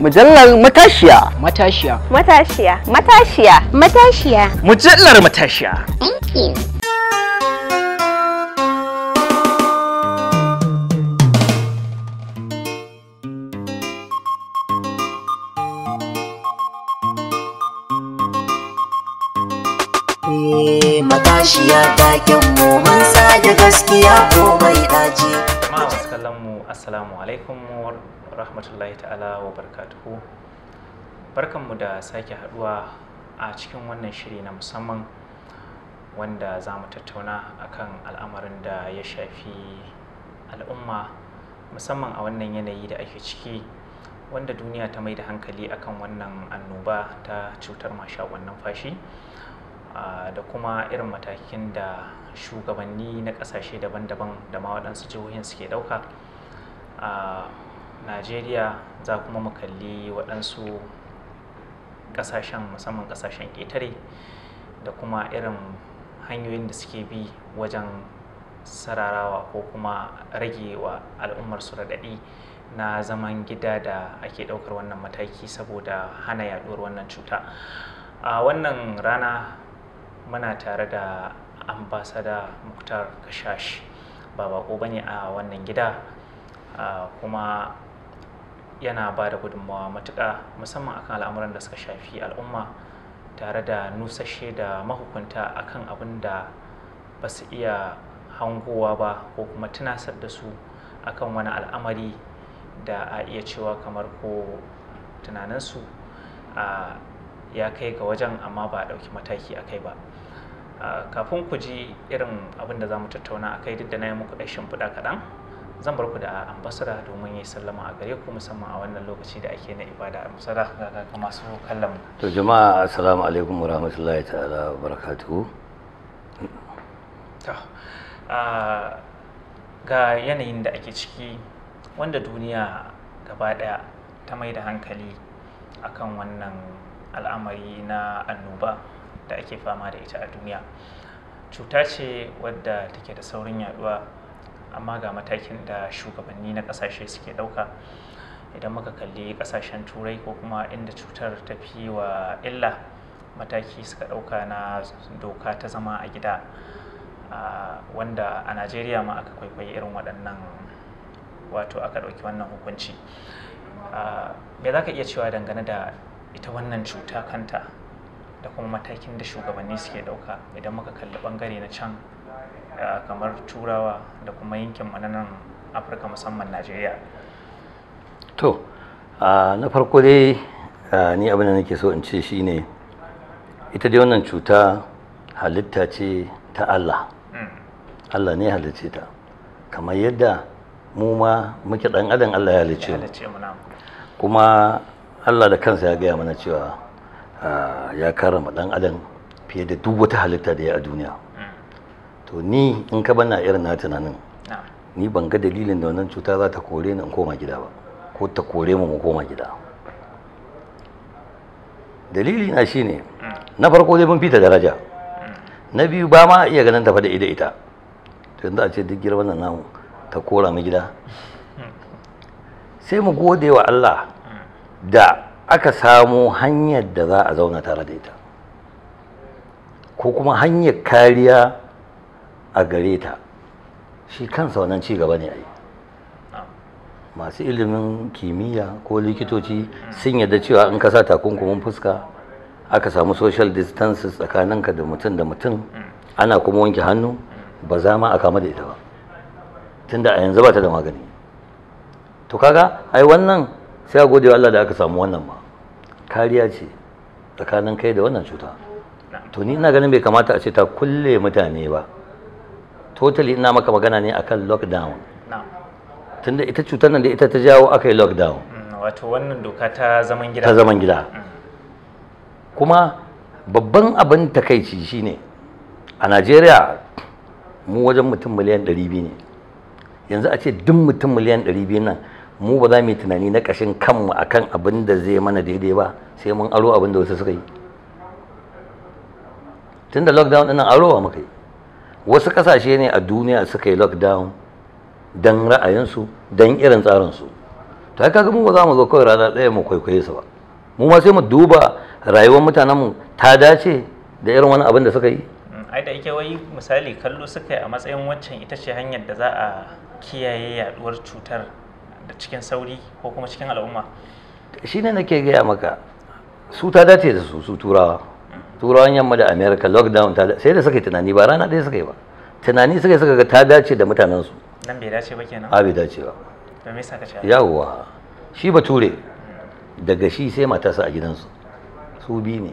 Mujallar matashiya. Matashiya. Matashiya. Matashiya. Matashiya. Mujallar matashiya. Thank you. Eh, matashiya kyan mu mun sa da gaskiya komai daji. Jama'a wasu kallon mu assalamu alaikum rahmatullahi ta'ala wa barkatuhu barkanmu da sake haduwa a cikin wannan shiri na musamman wanda za mu tattauna akan al'amarin da ya shafi al'umma musamman a wannan yanayi da ake ciki wanda duniya ta mai da hankali akan wannan annoba ta cutar wannan numfashi da kuma irin matakin da shugabanni na ƙasashe daban-daban da ma waɗansu jihohin suke ɗauka najeriya za kuma mu kalli waɗansu ƙasashen musamman ƙasashen ƙetare da kuma irin hanyoyin da suke bi wajen sararawa ko kuma rage wa al'ummar su raɗaɗi na zaman gida da ake ɗaukar wannan mataki saboda hana yaɗuwar wannan cuta a wannan rana muna tare da ambasada muktar kashash ba bako bane a wannan gida kuma yana ba da gudunmawa matuƙa musamman akan al'amuran da suka shafi al'umma tare da nusashe da mahukunta akan abin da ba su iya hangowa ba ko kuma tunasar da su akan wani al'amari da a iya cewa kamar ko tunaninsu a ya kai ga wajen amma ba a ɗauki mataki a kai ba kafin ku ji irin abin da za mu tattauna a kai duk da na yi muku ɗashin shimfiɗa kaɗan zan bar ku da ambasara domin yi sallama a gare ku musamman a wannan lokaci da ake na ibada ambasada ga ga masu kallon to jama'a assalamu alaikum wa rahmatullahi ta'ala wa barakatuhu to ga yanayin da ake ciki wanda duniya gaba daya ta mai da hankali akan wannan al'amari na annoba da ake fama da ita a duniya cuta ce wadda take da saurin yaduwa amma ga matakin da shugabanni na kasashe suke ɗauka idan muka kalli kasashen turai ko kuma inda cutar ta fi wa illa mataki suka ɗauka na doka ta zama a gida wanda a najeriya ma aka kwaikwayi irin waɗannan wato aka ɗauki wannan hukunci me za ka iya cewa dangane da ita wannan cuta kanta da kuma matakin da shugabanni suke ɗauka idan muka kalli bangare na can Eh, kamar turawa da kuma yankin mananan afirka musamman najeriya to na farko dai ni abin da nake so in ce shine ita dai wannan cuta halitta ce ta allah hmm. allah ne halicce ta kamar yadda mu ma muke dan adam allah ya halicce kuma allah da kansa ya gaya mana cewa ya karama dan adam fiye da duk wata halitta da ya a duniya to ni in ka bana irin na tunanin ni ban ga dalilin da wannan cuta za ta kore ni in koma gida ba ko ta kore mu mu koma gida dalili na shine mm. na farko dai mun fita daraja mm. na biyu ba ma iya ganin tafa da ida ita to yanzu a ce duk girman nan namu ta kora mu gida mm. sai mu gode wa Allah da aka samu hanyar da za a zauna tare da ita ko kuma hanyar kariya a gare ta shi kansa wannan ci gaba ne a yi masu ilimin kimiyya ko likitoci sun yadda cewa in ka sa takunkumin fuska aka samu social distances tsakaninka da mutum da mutum ana kuma wanke hannu ba za ma a kama da ita ba tunda a yanzu ba ta da magani to kaga ai wannan sai a gode wa Allah da aka samu wannan ba kariya ce tsakanin kai da wannan cuta to ni ina ganin bai kamata a ce ta kulle mutane ba totally ina maka magana ne akan lockdown tunda ita cutar nan da ita ta jawo aka yi lockdown mm, wato wannan doka ta zaman gida ta zaman gida mm. kuma babban abin takaici shine a Najeriya mu wajen mutum miliyan 200 ne yanzu a ce duk mutum miliyan 200 nan mu ba za mu yi tunani na kashin kanmu akan abin da zai mana daidai ba sai mun aro abin da wasu suka yi tunda lockdown ɗin nan arowa muka yi wasu kasashe ne a duniya suka yi lockdown don ra'ayinsu don irin tsarinsu ta haka mu ba za mu zo kawai rana ɗaya mu kwaikwaye su ba mu ma sai mu duba rayuwar mutanenmu ta dace da irin wani abin da suka yi mm, ai da ike wai misali kallo suka yi a matsayin waccan ita ce hanyar da za a kiyaye yaduwar cutar da cikin sauri ko kuma cikin al'umma shine nake gaya maka su ta dace da su su turawa turawan yamma da america lockdown ta sai da suka yi tunani ba rana ɗaya suka yi ba tunani suka yi suka ga ta dace da mutanen su nan bai dace ba kenan a bai dace ba to me yasa ka ce yawwa shi bature daga shi sai matarsa a gidansu su bi ne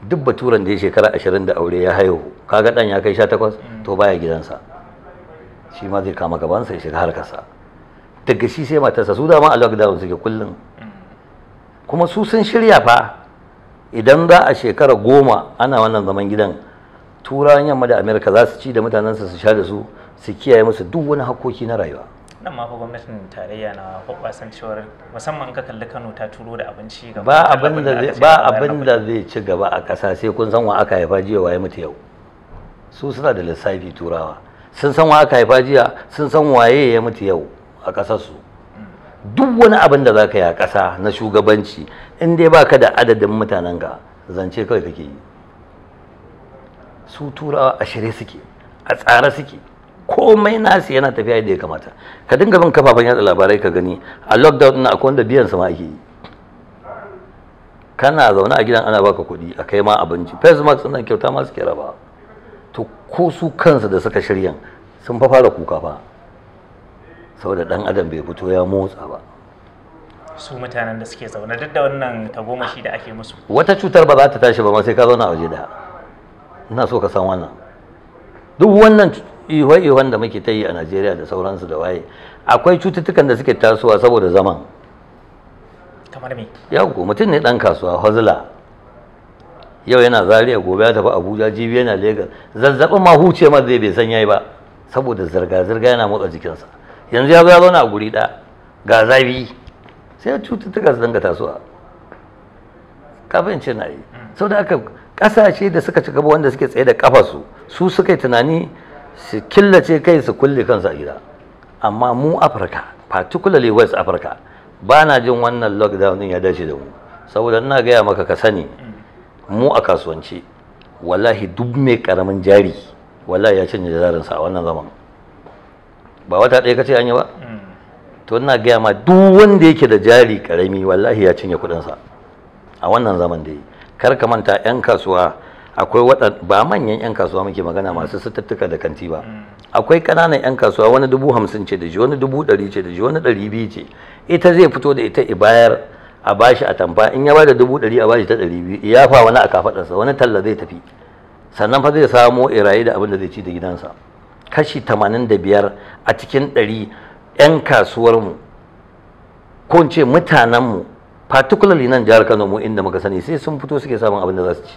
duk baturen da ya shekara ashirin da aure ya haihu kaga dan ya kai sha takwas mm. to baya gidansa shi ma zai kama gaban sa ya shiga harkarsa daga shi sai matarsa su dama a lockdown suke kullum mm. kuma su sun shirya fa idan za a shekara goma ana wannan zaman gidan turawan yamma da amerika za su ci da mutanensu su sha da su su kiyaye musu duk wani hakoki na rayuwa nan ma fa gwamnatin tarayya na hoɓasan cewar musamman ka kalli kano ta turo da abinci ga ba abin da ba abin da zai ci gaba a ƙasa sai kun san wa aka haifa jiya waye mutu yau su suna da lissafi turawa sun san wa aka haifa jiya sun san waye ya mutu yau a ƙasarsu. su duk wani abin da za ka yi a ƙasa na shugabanci in dai ka da adadin mutanen ga zance kawai kake yi su turawa a shirye suke a tsara suke komai nasu yana tafiya yadda ya kamata ka dinga bin kafafen yada labarai ka gani a lockdown na akwai wanda biyan sama ake yi kana zaune a gidan ana baka kuɗi a kai ma abinci facebook suna kyauta masu suke raba to ko su kansu da suka shirya sun fa fara kuka fa saboda dan adam bai fito ya motsa ba su mutanen da suke zaune duk da wannan tagomashi da ake musu wata cutar ba za ta tashi ba ma sai ka zauna a waje da ina so ka san wannan duk wannan ihwa da muke ta yi a Najeriya da sauransu da waye akwai cututtukan da suke tasowa saboda zaman kamar me ya ku mutum ne dan kasuwa hozla yau yana Zaria gobe ya tafi Abuja jibi yana Lagos zazzabin ma huce ma zai bai san yayi ba saboda zirga zirga yana motsa jikinsa yanzu ya zo ya zauna a guri ɗaya ga zafi sai cututtuka su dinga tasowa kafin ce yi sau da aka ƙasashe da suka ci gaba wanda suke tsaye da kafasu su suka yi tunani su killace kai su kulle kansu a gida amma mu afirka particularly west africa ba na jin wannan lockdown ya dace da mu saboda ina gaya maka ka sani mu a kasuwanci wallahi duk mai karamin jari wallahi ya canja jarinsa a wannan zaman ba wata ɗaya kace an yi ba to ina gaya ma duk wanda yake da jari karami wallahi ya cinye kuɗinsa a wannan zaman da kar ka manta 'yan kasuwa akwai wadan ba manyan 'yan kasuwa muke magana masu satuttuka da kanti ba akwai ƙananan 'yan kasuwa wani dubu hamsin ce da shi wani dubu ɗari ce da shi wani ɗari biyu ce ita zai fito da ita ibayar a bashi a tamfa in ya bada dubu ɗari a bashi ta ɗari biyu ya fa wani a kafaɗarsa wani talla zai tafi sannan fa zai samo iraye da abin da zai ci da gidansa kashi 85 a cikin 100 'yan kasuwarmu ko ce mutanenmu particularly nan jihar kano mu inda muka sani sai sun fito suke samun abin da za su ci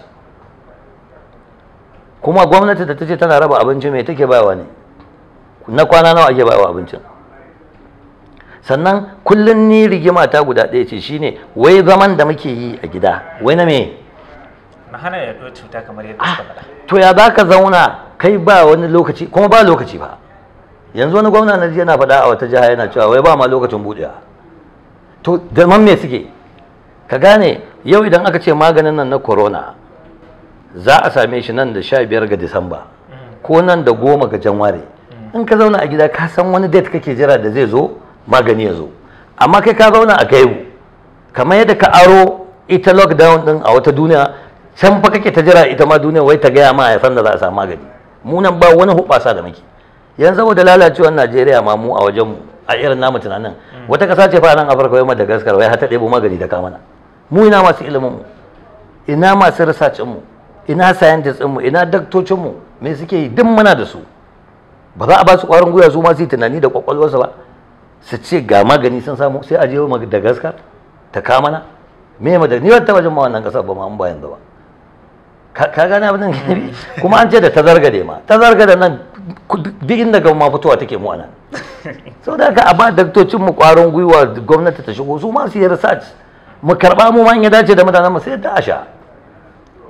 kuma gwamnati da ta ce tana raba abinci mai take bayawa ne na kwana nawa ake bayawa abincin sannan kullum ni rigima ta guda ɗaya ce shine wai zaman da muke yi a gida wai na me hana yaduwar cuta kamar yadda ah, faɗa to ya za ka zauna kai ba wani lokaci kuma ba lokaci ba yanzu wani gwamna na yana faɗa a wata jiha yana cewa wai ba ma lokacin buɗewa to da man me suke ka gane yau idan aka ce maganin nan na corona za a same shi nan da sha biyar ga disamba ko nan da goma ga janware in ka zauna a gida ka san wani date kake jira da zai zo magani ya zo amma kai ka zauna a kai kamar yadda ka aro ita lockdown din a wata duniya can fa kake ta jira ita ma duniya wai ta gaya ma a san da za a samu magani munan ba wani hubasa da muke yanzu saboda lalacewar Najeriya ma mu a wajen mu a irin namu tunanin mm. wata kasa ce fara nan Afirka wai madagaskar wai hata ɗebo magani da kamana mu ina masu ilimin mu ina masu research mu ina scientists mu ina daktocin mu me suke yi duk muna da su ba za a ba su ƙwarin gwiwa su ma su yi tunani da kwakwalwarsu ba su ce ga magani sun samu sai a je madagaskar ta kamana me Madagascar ni ba ta wajen ma wannan kasar ba ma an bayan yanzu ba ka gane abin nan gini kuma an ce da ta ma ta da nan duk inda ga ma fitowa take mu anan sau da ka a ba daktocin mu kwarin gwiwa gwamnati ta shigo su ma su yi research mu karba mu ma ya dace da mutanen mu sai da asha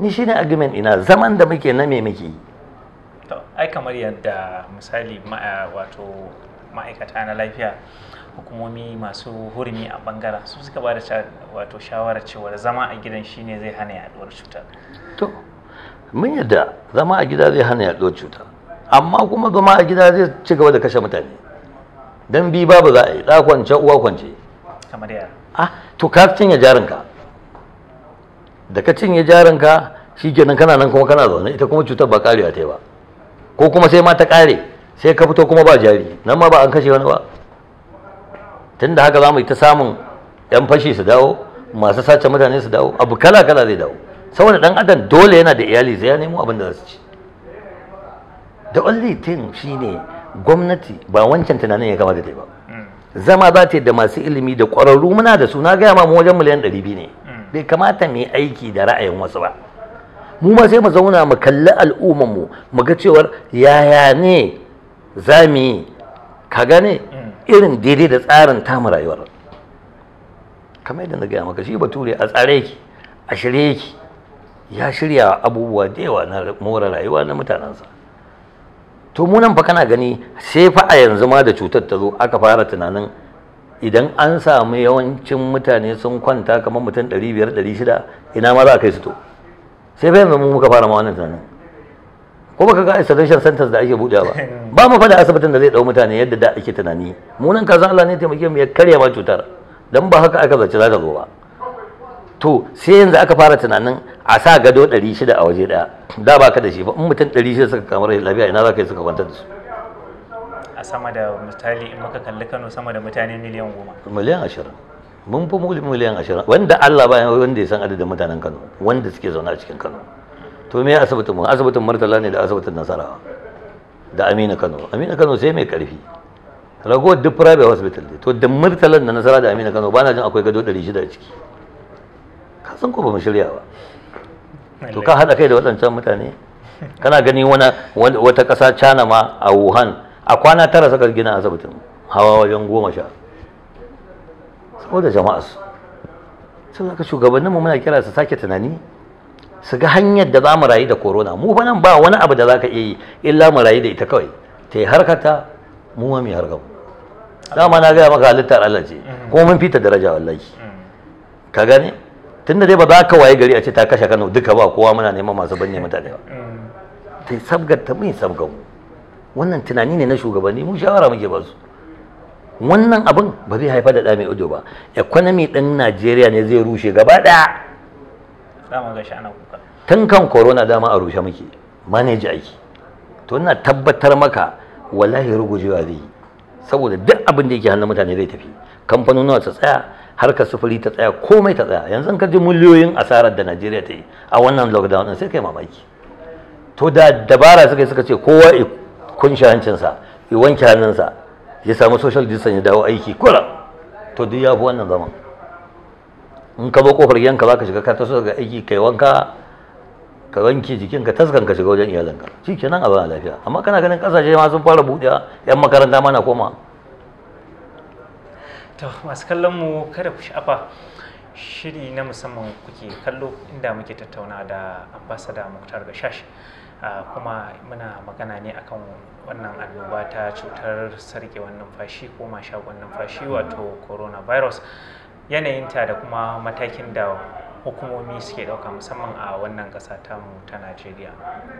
ni shine argument ina zaman da muke na me to ai kamar yadda misali wato ma'aikata na lafiya hukumomi masu hurumi a bangaren su suka ba da wato shawarar cewa zama a gidan shine zai hana yaduwar cutar mun yadda zama a gida zai hana yaɗuwar cuta amma kuma zama a gida zai ci gaba da kashe mutane don bi babu za a yi kwance uwa kwance ah, to ka cinye jarinka da ka cinye jarinka shikenan kana nan kuma kana zaune ita kuma cutar ba karewa ta yi ba ko kuma sai ma ta kare sai ka fito kuma ba jari nan ma ba an kashe wani ba tunda haka za mu yi ta samun 'yan fashi su dawo masu sace mutane su dawo abu kala kala zai dawo saboda dan adam dole yana da iyali sai ya nemo abin da za ci the only thing shine gwamnati ba wancan tunanin ya kamata da yi ba mm. zama za ta yi da masu ilimi da ƙwararru muna da su na gaya ma mu wajen miliyan ɗari biyu ne mm. bai kamata mu aiki da ra'ayin wasu ba mu ma sai mu zauna mu kalli al'ummar mu mu ga cewar yaya ne za mu yi ka gane mm. irin daidai da tsarin tamu rayuwar kamar yadda na gaya maka shi bature a tsare yake a shirye yake ya shirya abubuwa da yawa na more rayuwa na mutanensa to mu nan fa kana gani sai fa a yanzu ma da cutar ta zo aka fara tunanin idan an samu yawancin mutane sun kwanta kamar mutum 500-600 ina ma za a kai su to sai fa yanzu mu muka fara ma wannan tunanin ko baka ga isolation centers da ake buɗe ba ba mu fada asibitin da zai dau mutane yadda da ake tunani mu nan kaza Allah ne taimake mu ya karya ma cutar dan ba haka aka zaci za ta zo ba to sai yanzu aka fara tunanin a sa gado 600 a waje daya da ba ka da shi ba in mutum 600 suka kamar lafiya ina za ka yi suka kwantar da su a sama da misali in maka kalli kano sama da mutane miliyan goma miliyan ashirin mun fi miliyan ashirin wanda allah ba wanda ya san adadin mutanen kano wanda suke zaune a cikin kano to me asibitin mu asibitin martala ne da asibitin nasarawa da amina kano amina kano sai mai karfi ragowar duk private hospital ne to da martalan da nasara da amina kano ba na jin akwai gado 600 a ciki san ko ba mu shirya ba to ka haɗa kai da waɗancan mutane kana gani wata ƙasa cana ma a wuhan a kwana tara suka gina asibitin hawa wajen goma sha saboda jama'a su sun haka shugabanninmu muna kira su sake tunani su ga hanyar da za mu rayu da korona mu fa nan ba wani abu da za ka iya yi illa mu rayu da ita kawai ta yi harkata mu ma mai harkar dama na gaya maka halittar Allah ce mm. kuma mun fita daraja wallahi mm. ka gane tunda dai ba za ka waye gari a ce ta kashe Kano duka ba kowa muna neman masu banne mutane ta sabgar ta mai sabgar wannan tunani ne na shugabanni mu shawara muke ba su wannan abin ba zai haifar da dami ido ba economy ɗin Najeriya ne zai rushe gaba ɗaya tun kan corona dama a rushe muke manage aiki to ina tabbatar maka wallahi rugujewa zai yi saboda duk abin da yake hannun mutane zai tafi kamfanonuwa su tsaya harkar sufuri ta tsaya komai ta tsaya yanzu ka ji miliyoyin asarar da Najeriya ta yi a wannan lockdown din sai kai mamaki to da dabara suka suka ce kowa ya kunshi hancinsa ya wanke hannunsa ya samu social distance ya dawo aiki kula to duk ya fi wannan zaman in ka ba kofar gidanka za ka shiga ka taso daga aiki kai wanka ka wanke jikin ka taskan ka shiga wajen iyalanka shi kenan a zauna lafiya amma kana ganin kasashe ma sun fara buɗewa yan makaranta ma na koma to masu kallon mu kada ku sha'afa shiri na musamman kuke kallo inda muke tattauna da ambasada muktar gashash kuma muna magana ne akan wannan annoba ta cutar sarkewar numfashi ko shagon numfashi wato coronavirus yanayinta da kuma matakin da hukumomi suke ɗauka musamman a wannan kasa ta mu ta Najeriya.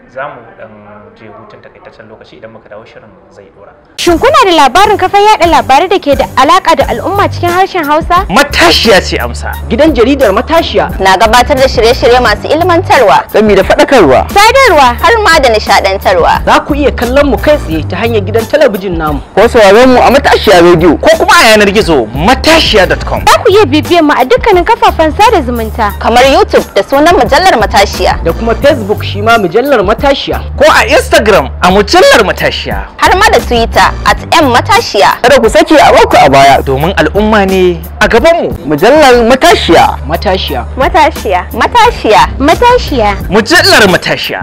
Za mu ɗan je hutun takaitaccen lokaci idan muka dawo shirin zai dora. Shin kuna da labarin kafar yaɗa labarai da ke da alaka da al'umma cikin harshen Hausa? Matashiya ce amsa. Gidan jaridar Matashiya na gabatar da shirye-shirye masu ilmantarwa. Gami da faɗakarwa. Sadarwa har ma da nishaɗantarwa. Za ku iya kallon mu kai tsaye ta hanyar gidan talabijin namu. Ko sauraron mu a Matashiya Radio ko kuma a yanar gizo matashiya.com. Za ku iya bibiyan mu a dukkanin kafafen sada zumunta. kamar YouTube da sunan mujallar matashiya. Da kuma Facebook shi ma mujallar matashiya. Ko a Instagram a mujallar matashiya. Har ma da Twitter at M matashiya. Kada ku sake a baku a baya domin al'umma ne a gabanmu. Mujallar matashiya. Matashiya. Matashiya. Matashiya. Matashiya. Mujallar matashiya.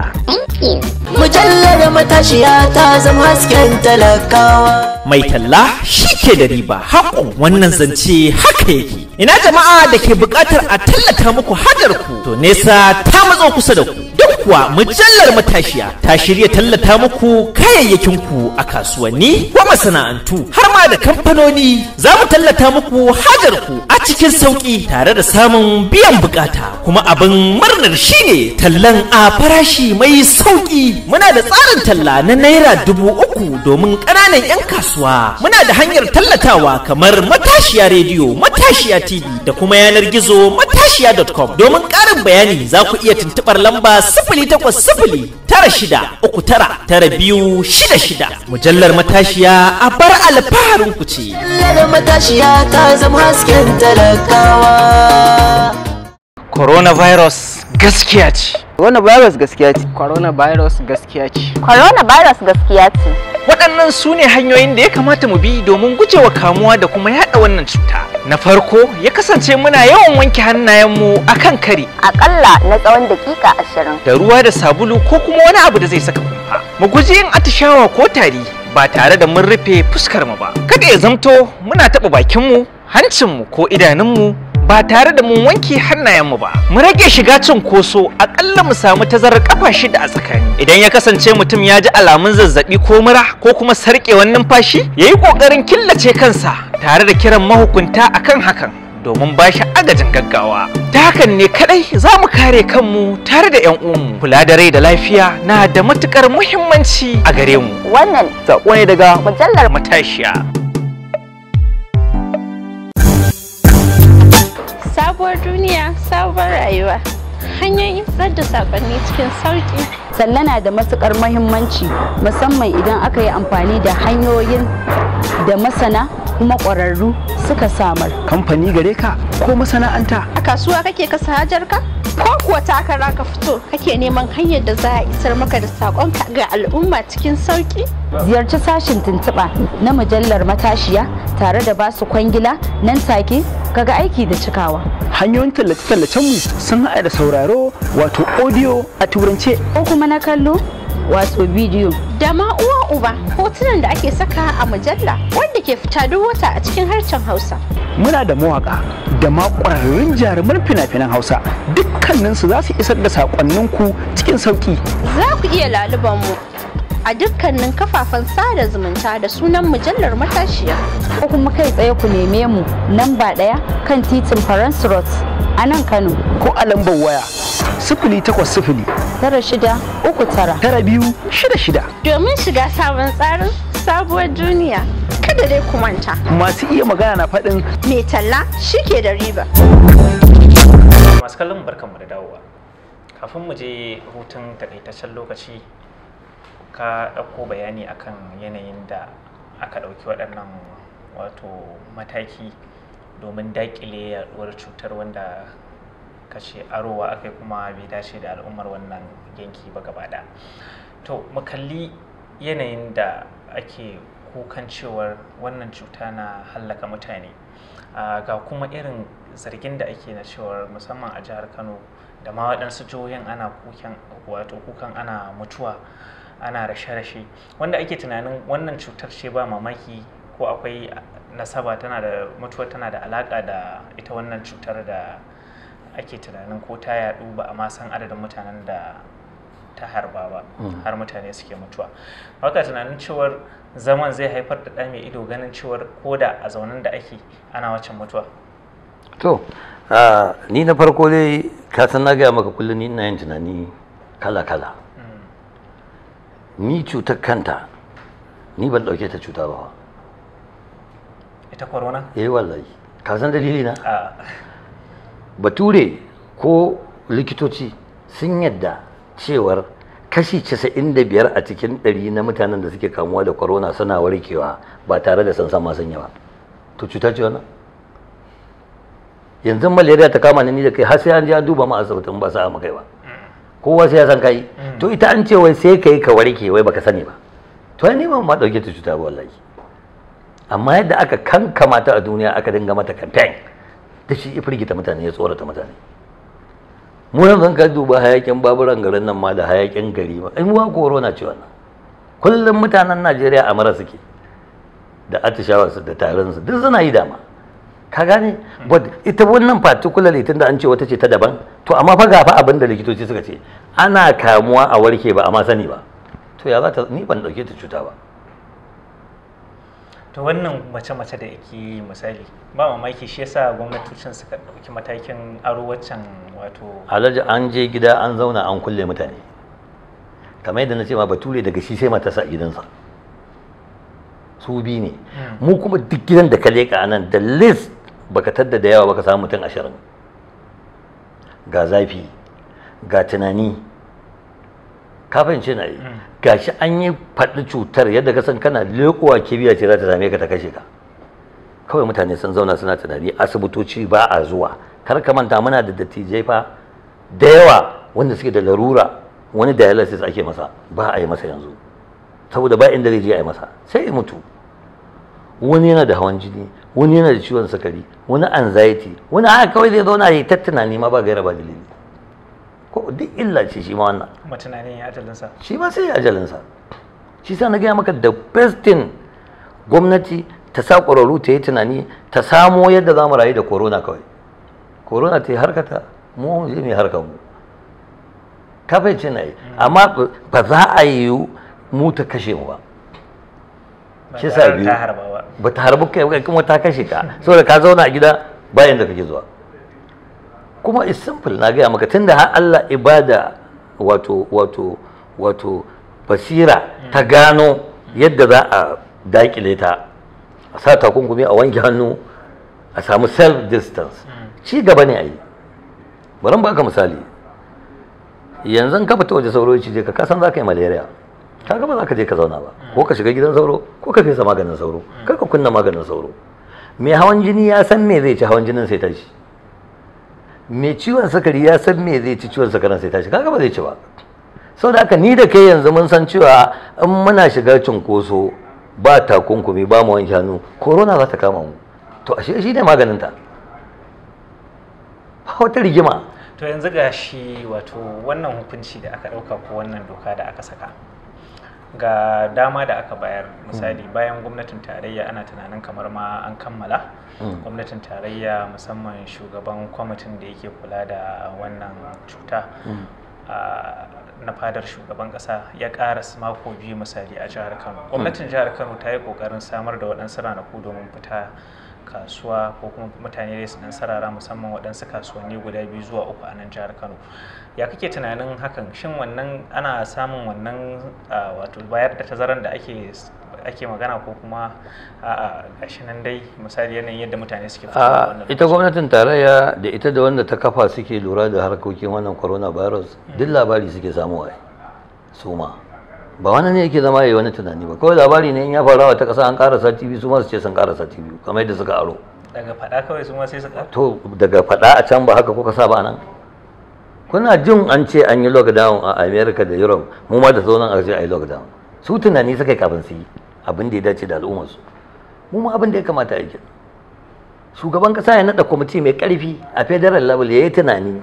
Mujallar matashiya ta zama hasken talakawa. Mai talla shi ke da riba haƙo wannan zance haka yake. ina jama'a da ke buƙatar a tallata muku hajar ku to nesa ta matso kusa da ku duk kuwa mujallar matashiya ta shirya tallata muku kayayyakin ku a kasuwanni ko masana'antu har da kamfanoni za mu tallata muku hajar ku a cikin sauƙi tare da samun biyan bukata kuma abin murnar shine tallan a farashi mai sauƙi muna da tsarin talla na naira dubu uku domin ƙananan 'yan kasuwa muna da hanyar tallatawa kamar matashiya rediyo matashiya tv da kuma yanar gizo matashiya.com domin ƙarin bayani za ku iya tuntuɓar lamba sifili takwas sifili tara shida uku tara tara biyu shida shida mujallar matashiya a bar alfaharin ku ce. matashiya ta zama hasken talakawa. Coronavirus gaskiya ce. Coronavirus gaskiya ce. Coronavirus gaskiya ce. Coronavirus gaskiya ce. waɗannan su ne hanyoyin da ya kamata mu bi domin gujewa kamuwa da kuma yaɗa wannan cuta na farko ya kasance muna yawan wanke hannayenmu a kan kare aƙalla na tsawon daƙiƙa ashirin da ruwa da sabulu ko kuma wani abu da zai saka kumfa mu guji yin atishawa ko tari ba tare da mun rufe fuskar mu ba kada ya zamto muna taɓa bakinmu hancinmu ko idanunmu ba tare da mun wanke hannayenmu ba mu rage shiga cinkoso akalla mu samu tazarar kafa shida a tsakani idan ya kasance mutum ya ji alamun zazzabi ko mura ko kuma sarƙewar numfashi ya yi ƙoƙarin killace kansa tare da kiran mahukunta akan hakan domin ba shi agajin gaggawa ta hakan ne kadai za mu kare kanmu tare da 'yan uwanmu kula da rai da lafiya na da matukar muhimmanci a gare mu wannan sako ne daga mujallar matashiya sabuwar duniya sabuwar rayuwa hanyoyin tsar da sakonni cikin sauƙi. Sallana da matukar mahimmanci musamman idan aka yi amfani da hanyoyin da masana kuma ƙwararru suka samar kamfani gare ka ko masana'anta a kasuwa kake kasa hajar ka ko kuwa takara ka fito kake neman hanyar da za a isar maka da saƙonka ga al'umma cikin sauki ziyarci sashin tuntuɓa na mujallar matashiya tare da basu kwangila nan take kaga aiki da cikawa. Hanyoyin tallace-tallacen mu sun haɗa da sauraro wato audio a turance. Ko kuma na kallo wato bidiyo. Da ma uwa uba hotunan da ake saka a mujalla wanda ke fita duk wata a cikin harshen Hausa. Muna da mawaƙa da ma ƙwararrun jaruman fina-finan Hausa dukkaninsu za su isar da saƙonninku cikin sauƙi. Za ku iya laluban mu a dukkanin kafafen sada zumunta da sunan mujallar matashiya. Ko kuma kai tsaye ku neme mu nan ba ɗaya kan titin Faransu Road a nan Kano. Ko a lambar waya sifili takwas sifili. Tara shida uku tara. Tara biyu shida shida. Domin shiga sabon tsarin sabuwar duniya. Kada dai ku manta. Masu iya magana na faɗin. Mai talla shike da riba. Masu kallon barkanmu da dawowa. Kafin mu je hutun takaitaccen lokaci ka ɗauko bayani akan yanayin da aka ɗauki waɗannan wato mataki domin daƙile yaɗuwar cutar wanda kashe arowa aka kuma bai dace da al'ummar wannan yanki ba gaba to mu kalli yanayin da ake kukan cewar wannan cuta na hallaka mutane ga kuma irin zargin da ake na cewar musamman a jihar kano da ma waɗansu jihohin ana kukan wato kukan ana mutuwa ana rashe-rashe wanda ake tunanin wannan cutar ce ba mamaki ko akwai nasaba tana da mutuwar tana da alaƙa da ita wannan cutar da ake tunanin ko ta yaɗu ba a san adadin mutanen da ta harba ba hmm. har mutane suke mutuwa haka tunanin cewar zaman zai haifar da ɗa mai ido ganin cewar ko da a zaunin da ake ana wacce mutuwa to ah, ni na farko dai ka san na gaya maka kullum ni ina yin tunani kala kala ni cutar kanta ni ban dauke ta cuta ba ita corona eh wallahi ka san dalili na bature ko likitoci sun yadda cewar kashi 95 a cikin 100 na mutanen da suke kamuwa da corona suna warkewa ba tare da san sama sanya ba to cuta ce wannan yanzu malaria ta kama ni da kai har sai an je an duba mu asibitin ba sa mu kai ba kowa sai ya san kai mm. to ita an ce wai sai kai ka warke wai baka sani ba to ai neman ma dauke ta cuta ba wallahi amma yadda aka kankama a duniya aka dinga mata campaign da shi ya firgita mutane ya tsorata mutane mu zan ka duba hayakin baburan garin nan ma da hayakin gari ma in wa corona ce wannan kullum mutanen Najeriya a mara suke da atishawarsu da tarinsu duk suna yi dama ka gane but ita wannan particularly tunda an ce wata ce ta daban to amma fa gafa abin da likitoci suka ce ana kamuwa a warke ba amma sani ba to ya za ta ni ban dauke ta cuta ba to wannan mace-mace da yake misali ba mamaki shi yasa gwamnatocin suka dauki matakin aro waccan wato alhaji an je gida an zauna an kulle mutane kamar yadda na ce ma bature daga shi sai matasa gidansa su bi ne hmm. mu kuma duk gidan da ka leka nan da list baka tadda da yawa baka samu mutum ashirin ga zafi ga tunani kafin ce na yi mm. Ga shi an yi faɗi cutar yadda ka san kana lekowa kibiya ce za ta same ka ta kashe ka kawai mutane sun zauna suna tunani asibitoci ba a zuwa kar ka manta muna da dattijai fa da yawa wanda suke da larura wani dialysis ake masa ba a yi masa yanzu saboda ba inda zai je a yi masa sai ya mutu wani yana da hawan jini wani yana da ciwon sakari wani anxiety wani haka kawai zai zauna ya tattuna ne ma ba gaira ba dalili ko duk illa ce shi ma wannan kuma tunanin ya ajalinsa shi ma sai ya ajalinsa shi sa na gaya maka the best thing gwamnati ta sa ƙwararru ta yi tunani ta samo yadda za mu rayu da corona kawai corona ta yi harkata mu zai mai harkar mu ka fahimci na yi mm. amma ba za a yi mu ta kashe mu ba shi sa biyu ba ta harbu kai ba kuma ta kashe ka saboda ka zauna a gida bayan da kake zuwa kuma is simple na gaya maka tunda har Allah ibada wato wato wato basira ta mm. gano yadda za a daƙile ta a sa takunkumi a wanke hannu a samu self distance mm. ci gaba ne a yi bari baka misali yanzu ka fita waje sauro ya ka kasan za ka yi malaria kaga ba za ka je ka zauna ba ko ka shiga gidan sauro ko ka fesa maganin sauro kar ka kunna maganin sauro mai hawan jini ya san me zai ci hawan jinin sai tashi mai ciwon sakari ya san me zai ci ciwon sakarin sai tashi kaga ba zai ci ba sau da haka ni da kai yanzu mun san cewa in muna shiga cunkoso ba takunkumi ba mu wanke hannu corona za ta kama mu to ashe shi ne maganin ta ba wata rigima to yanzu ga shi wato wannan hukunci da aka ɗauka ko wannan doka da aka saka ga dama da aka bayar misali mm. bayan gwamnatin tarayya ana tunanin kamar ma an kammala mm. gwamnatin tarayya musamman shugaban kwamitin da yake kula da wannan cuta mm. na fadar shugaban kasa ya ƙara mako biyu misali a jihar kano gwamnatin jihar kano ta yi ƙoƙarin samar da waɗansu ranaku domin fita kasuwa ko kuma mutane dai su dan sarara musamman waɗansu kasuwanni guda biyu zuwa uku a nan jihar kano ya kake tunanin hakan shin wannan ana samun wannan wato bayar da tazaran da ake ake magana ko kuma a gashi nan dai misali yanayin yadda mutane suke fara ita gwamnatin tarayya da ita da wanda ta kafa suke lura da harkokin wannan coronavirus hmm. duk labari suke samu su ma ba wani ne yake zama ya yi wani tunani ba kawai labari ne in ya faruwa ta ƙasa an karasa tv su ma ce sun karasa tv kamar yadda suka aro daga faɗa kawai su ma sai su to daga faɗa a can ba haka kuka sa ba nan kuna jin an ce an yi lockdown a america da europe mu ma da zaunan a a yi lockdown su tunani suka yi kafin su yi abin da ya dace da al'ummarsu mu ma abin da ya kamata a yi shugaban ƙasa ya naɗa kwamiti mai ƙarfi a federal level ya yi tunani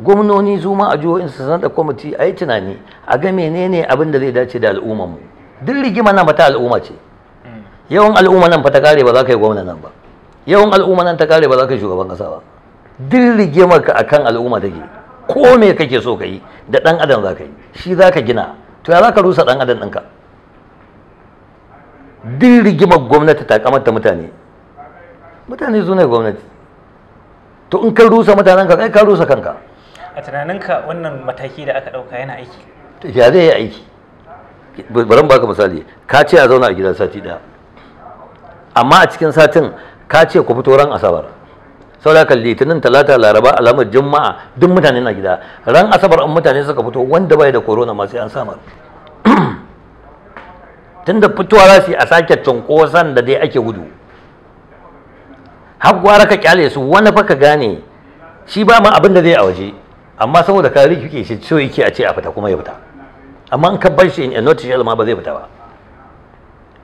gwamnoni su ma a jihohin su san da kwamiti a yi tunani a ga menene abin da zai dace da al'ummar mu duk rigima nan fata al'umma ce yawan al'umma nan fata kare ba za ka yi gwamna nan ba yawan al'umma nan ta kare ba za ka yi shugaban kasa ba duk rigimar ka akan al'umma take ko me kake so ka yi da dan adam za ka yi shi za ka gina to ya za ka rusa dan adam ɗinka duk rigimar gwamnati ta kamata mutane mutane su ne gwamnati to in ka rusa mutanen ka kai ka rusa kanka a tunaninka wannan mataki da aka dauka yana aiki ya zai yi aiki bari baka misali ka ce a zauna a gida sati ɗaya amma a cikin satin ka ce ku fito ran asabar saboda litinin talata laraba alamar juma'a duk mutane na gida ran asabar an mutane suka fito wanda bai da korona ma sai an samar tunda fitowa za su yi a sake cunkosan da dai ake gudu har gwara ka kyale su wani fa gane shi ba ma abin da zai a waje amma saboda ka rike shi so yake a ce a fita kuma ya fita amma an ka bar shi in a notice shell ma ba zai fita ba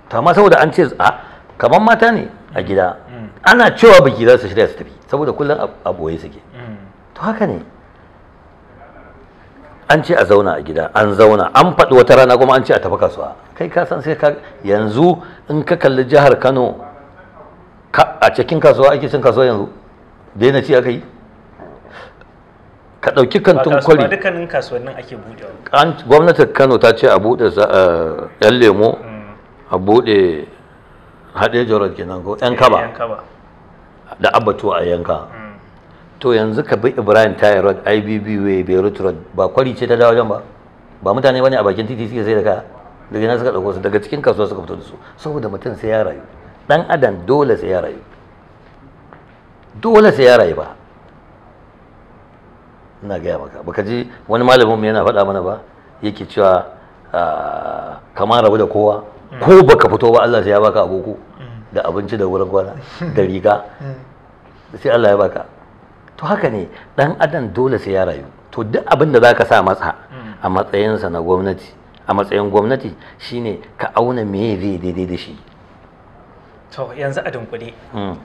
to amma saboda an ce a ah, kamar mata ne a gida mm. ana cewa biki za su shirya su tafi saboda kullum a boye suke mm. to haka ne an ce a zauna a gida an zauna an faɗi wata rana kuma an ce a tafi kasuwa kai ka san sai ka yanzu in ka kalli jihar Kano a cikin kasuwa ake cin kasuwa yanzu daina ci aka yi ka ɗauki kantin kwari ba dukkanin kasuwannin ake buɗewa gwamnatin kano ta ce a buɗe yan lemo mm. a buɗe haɗe jorod kenan ko yan eh, kaba da abatuwa a yanka mm. to yanzu ka bi ibrahim tayi road ibb way beirut road ba kwari ce ta dawo wajen ba ba mutane bane a bakin titi suke sai da kaya daga nan suka ɗauko su daga cikin kasuwa suka fito da su saboda mutum sai ya rayu dan adam dole sai ya rayu dole sai ya rayu ba ina gaya maka baka ji wani malamin mu yana faɗa mana ba yake cewa ah, kama rabu da kowa mm. ko baka fito ba Allah sai ya baka aboko mm. da abinci da wurin kwana da riga mm. sai Allah ya baka to haka ne dan adam dole sai ya rayu to duk abin da zaka sa masa a matsayinsa na gwamnati a matsayin gwamnati shine ka auna me zai daidai da shi to yanzu a dunkule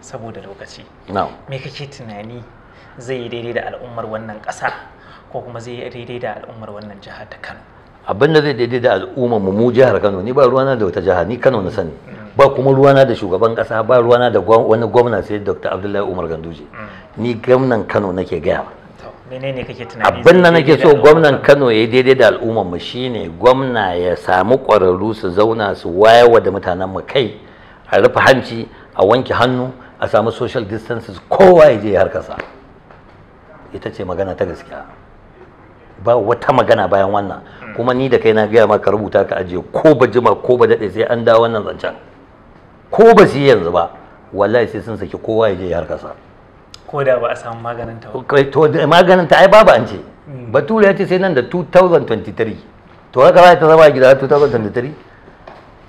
saboda lokaci me kake tunani zai yi daidai da al'ummar wannan ƙasa ko kuma zai yi daidai da al'ummar wannan jiha ta Kano abin da zai daidai da al'ummar mu mu jihar Kano ni ba ruwana da wata jiha ni Kano na sani ba kuma ruwana da shugaban ƙasa ba ruwana da wani gwamna sai Dr. Abdullahi Umar Ganduje mm. ni gwamnan Kano nake gaya menene kake tunani abin da nake so gwamnan Kano ya daidai da al'ummar mu shine gwamna ya samu ƙwararru su zauna su wayawa da mutanen mu kai a rufe hanci a wanke hannu a samu social distances kowa ya je harkarsa ita ce magana ta gaskiya ba wata magana bayan wannan kuma ni da kai na gaya maka rubuta ka ajiye ko ba jima ko ba daɗe sai an dawo wannan zancen ko ba su yanzu ba wallahi sai sun saki kowa ya je ya harkasa ko da ba a samu maganin ta to maganin ta ai babu an ce hmm. bature ya ce sai nan da 2023 to haka za ta zama gida 2023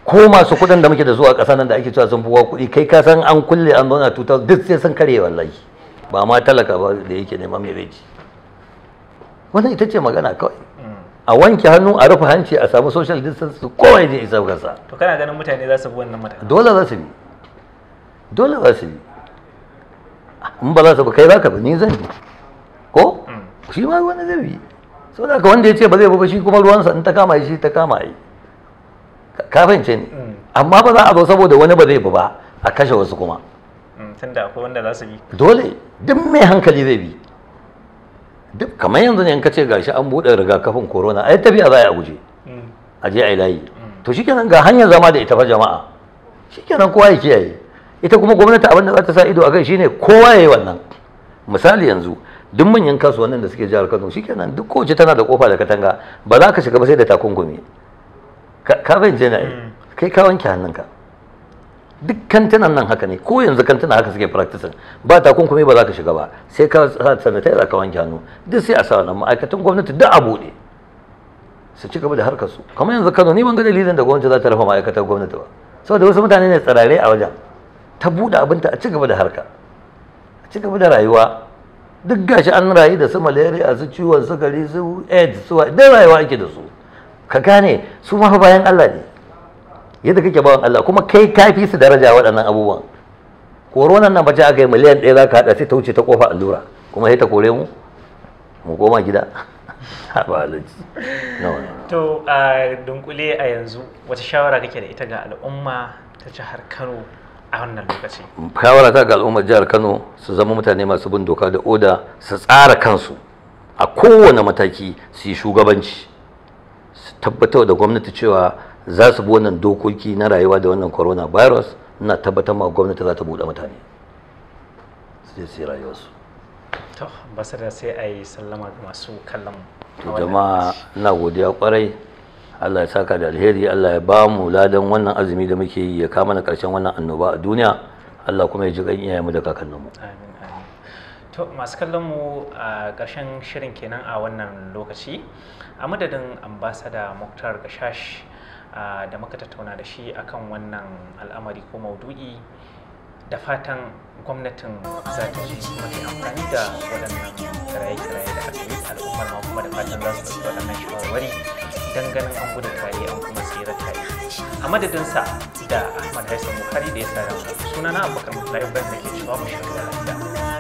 ko masu kuɗin da muke da su a ƙasa nan da ake cewa sun fi kuɗi kai ka san an kulle an zauna 2000 duk sai sun kare wallahi ba ma talaka ba da yake neman mai zai ci wannan ita ce magana kawai a wanke hannu a rufe hanci a samu social distance kowa ya je isa kasa. to kana ganin mutane za su bi wannan mutane dole za su bi dole za su bi in ba za su bi kai za ka bi ni zan bi ko hmm. shi ma wani zai bi so ka wanda ya ce ba zai bi ba shi kuma ruwansa in ta kama shi ta kama yi ka fahimce ni hmm. amma ba za a zo saboda wani ba zai bi ba a kashe wasu kuma tunda akwai wanda za su bi dole duk mai hankali zai bi duk kamar yanzu ne in ka ce shi an buɗe rigakafin corona ai tafiya za a guje mm. a je a yi layi mm. to shikenan ga hanyar zama da ita fa jama'a shikenan kowa ya kiyaye ita kuma gwamnati abin da za ta sa ido a kai shine kowa ya yi wannan misali yanzu duk manyan kasuwannin da suke jihar Kano shikenan duk kowace tana da kofa da katanga ba za ka shiga ba sai da takunkumi ka fahimce na mm. kai ka wanke hannunka duk kantinan nan haka ne ko yanzu kantina haka suke practicing ba takunkumi ba za ka shiga ba sai ka sa ka wanke hannu duk sai a sa wannan ma'aikatan gwamnati duk a buɗe su ci gaba da harkar su kamar yanzu Kano ni ban ga dalilin da gwamnati za ta rufe ma'aikatan gwamnati ba saboda wasu mutane ne tsirare a wajen ta buɗe abinta a ci gaba da harka a ci gaba da rayuwa duk gashi an rayu da su malaria su ciwon sukari su aids su dai rayuwa ake da su ka gane su ma bayan Allah ne yadda kake bawan Allah kuma kai ka fi su daraja waɗannan abubuwan koronan nan bace aka yi miliyan ɗaya za ka haɗa sai ta wuce ta kofa allura kuma sai ta kore mu mu koma gida to a dunkule a yanzu wata shawara kake da ita ga al'umma ta jihar Kano a wannan lokaci shawara ta ga al'ummar jihar Kano su zama mutane masu bin doka da oda su tsara kansu a kowane mataki su yi shugabanci su tabbatar da gwamnati cewa za su bi wannan dokoki na rayuwa da wannan coronavirus ina tabbatar ma gwamnati za ta buɗe mutane su je su yi rayuwarsu to basira sai a yi sallama ga masu kallon to jama'a ina godiya kwarai Allah ya saka da alheri Allah ya ba mu ladan wannan azumi da muke yi ya kama na karshen wannan annoba a duniya Allah kuma ya ji kan iyayenmu da kakanninmu amin amin to masu kallon mu a ƙarshen shirin kenan a wannan lokaci a madadin ambasada Muktar Gashash da muka tattauna da shi akan wannan al'amari ko maudu'i da fatan gwamnatin za ta ji kuma ta amfani da waɗannan kiraye-kiraye da aka yi al'ummar ma kuma da fatan za su ɗauki waɗannan shawarwari don ganin an gudu tare an kuma tsira tare a madadinsa da ahmad haisan bukari da ya tsara suna na abokan mutula ibrahim da ke cewa mu shirya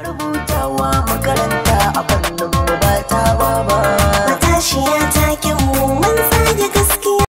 rubutawa makaranta a fannin mu ba ta ba matashiya ta mu mun tsage